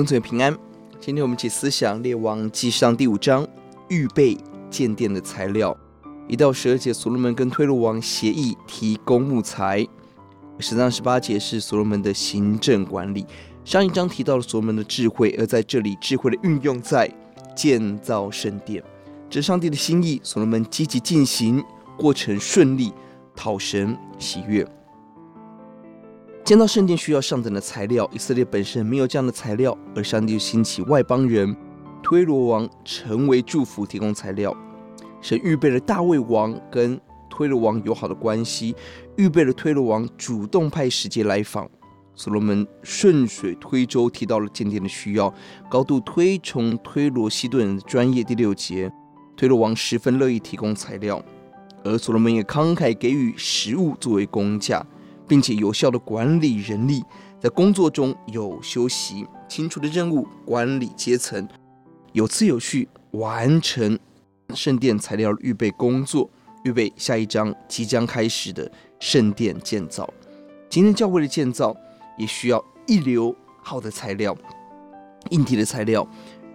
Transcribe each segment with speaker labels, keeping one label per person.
Speaker 1: 整卷平安。今天我們一起思想列王記上第五章，預備建殿的材料。一到十二節，所羅門跟推羅王協議提供木材。十三十八節是所羅門的行政管理。上一章提到了所羅門的智慧，而在這裡智慧的運用在建造聖殿，這上帝的心意，所羅門積極進行，過程順利，討神喜悅。建造聖殿需要上等的材料，以色列本身沒有這樣的材料，而上帝就興起外邦人推羅王成為祝福，提供材料。神預備了大衛王跟推羅王友好的關係，預備了推羅王主動派使節來訪。所羅門順水推舟提到了建殿的需要，高度推崇推羅西頓人的專業。第六節，推羅王十分樂意提供材料，而所羅門也慷慨給予食物作為工價。並且有效的管理人力，在工作中有休息，清楚的任務，管理階層，有次有序完成聖殿材料預備工作，預備下一章即將開始的聖殿建造。今天教會的建造也需要一流好的材料，硬體的材料，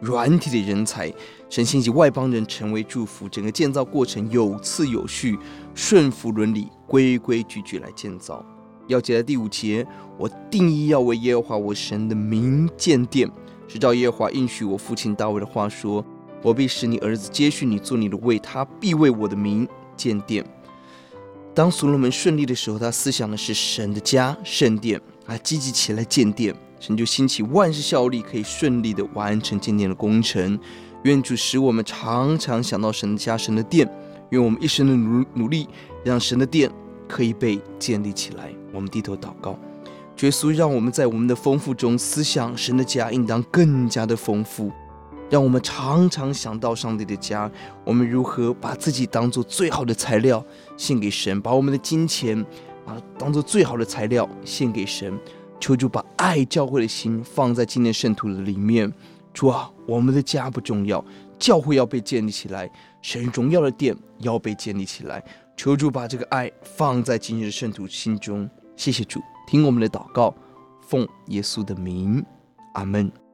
Speaker 1: 軟體的人才，神興起外邦人成為祝福，整個建造過程有次有序，順服倫理，規規矩矩來建造。鑰節在第五節，我定意要為耶和華我神的名建殿，是照耶和華應許我父親大衛的話說：“我必使你兒子接續你坐你的位，他必為我的名建殿。”當所羅門順利的時候，他思想的是神的家、聖殿啊，他積極起來建殿，神就興起萬事效力，可以順利的完成建殿的工程。願主使我們常常想到神的家、神的殿，願我們一生的努努力，讓神的殿。可以被建立起來。我們低頭禱告，耶穌，讓我們在我們的豐富中思想神的家應當更加的豐富。讓我們常常想到上帝的家。我們如何把自己當做最好的材料獻給神？把我們的金錢把當做最好的材料獻給神？求主把愛教會的心放在今天聖徒的裡面。主啊，我們的家不重要。教會要被建立起來，神榮耀的殿要被建立起來。求主把這個愛放在今日的聖徒心中。謝謝主，聽我們的禱告，奉耶穌的名，阿門。